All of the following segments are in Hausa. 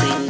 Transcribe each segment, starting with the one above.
see.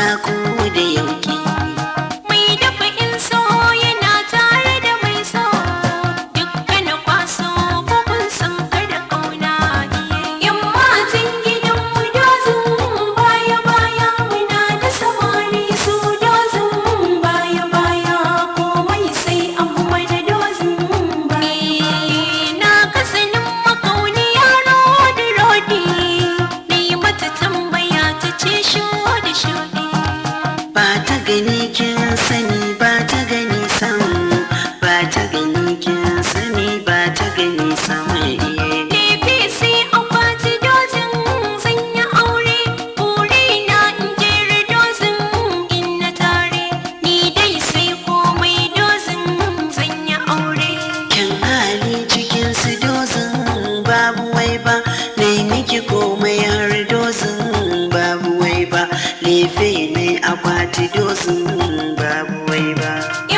Merci. lefe ne akwati dosin babu wai ba